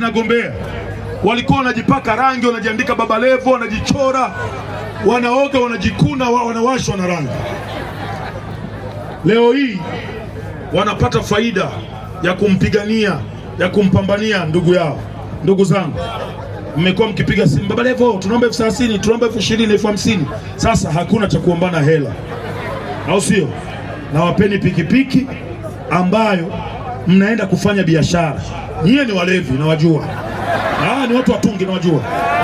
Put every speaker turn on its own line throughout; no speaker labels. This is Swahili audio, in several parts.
Nagombea walikuwa wanajipaka rangi, wanajiandika Baba Levo, wanajichora, wanaoga, wanajikuna, wanawashwa na rangi. Leo hii wanapata faida ya kumpigania, ya kumpambania ndugu yao. Ndugu zangu, mmekuwa mkipiga simu Baba Levo, tunaomba elfu thelathini, tunaomba elfu ishirini, elfu hamsini. Sasa hakuna cha kuombana hela, au sio? Na wapeni pikipiki ambayo mnaenda kufanya biashara. Nyie ni walevi nawajua, ah, ni watu watungi nawajua,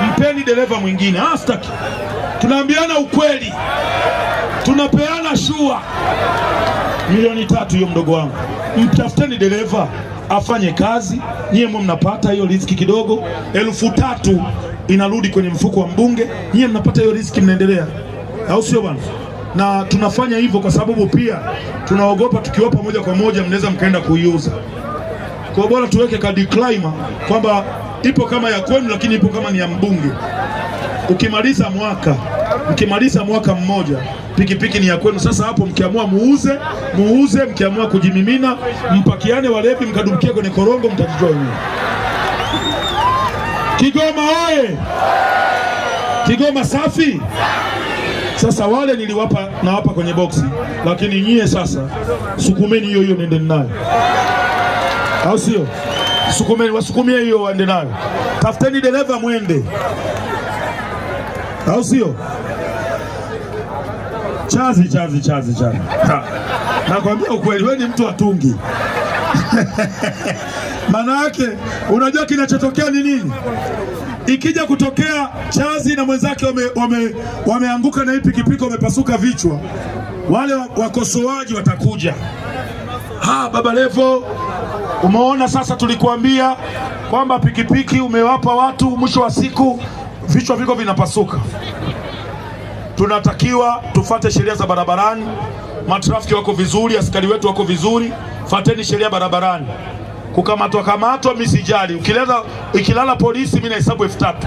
mpeni dereva mwingine. Ah, sitaki. Tunaambiana ukweli, tunapeana shua. Milioni tatu hiyo, mdogo wangu, mtafuteni dereva afanye kazi, nyie mwe mnapata hiyo riziki kidogo, elfu tatu inarudi kwenye mfuko wa mbunge, nyie mnapata hiyo riziki, mnaendelea, au sio bwana? Na tunafanya hivyo kwa sababu pia tunaogopa tukiwapa moja kwa moja mnaweza mkaenda kuiuza. Kwa bora tuweke ka declaimer kwamba ipo kama ya kwenu, lakini ipo kama ni ya mbunge. Ukimaliza mwaka mkimaliza mwaka mmoja, pikipiki ni ya kwenu. Sasa hapo mkiamua muuze, muuze. Mkiamua kujimimina, mpakiane walevi, mkadumkia kwenye korongo, mtajijua wenyewe. Kigoma oye! Kigoma safi! Sasa wale niliwapa nawapa kwenye boksi, lakini nyie sasa sukumeni hiyo hiyo, nendeni nayo au sio? Sukumeni, wasukumie hiyo waende nayo, tafuteni dereva mwende, au sio? Chazi, chazi, chazi, chazi. Nakwambia ukweli, wewe ni mtu atungi maana yake unajua kinachotokea ni nini? Ikija kutokea chazi na mwenzake wameanguka, wame na hii pikipiki wamepasuka vichwa, wale wakosoaji watakuja, ha, Baba Levo Umeona sasa, tulikuambia kwamba pikipiki umewapa watu, mwisho wa siku vichwa viko vinapasuka. Tunatakiwa tufate sheria za barabarani. Matrafiki wako vizuri, askari wetu wako vizuri, fateni sheria barabarani. Kukamatwa kamatwa misijali, ukilala ikilala polisi, mimi nahesabu elfu tatu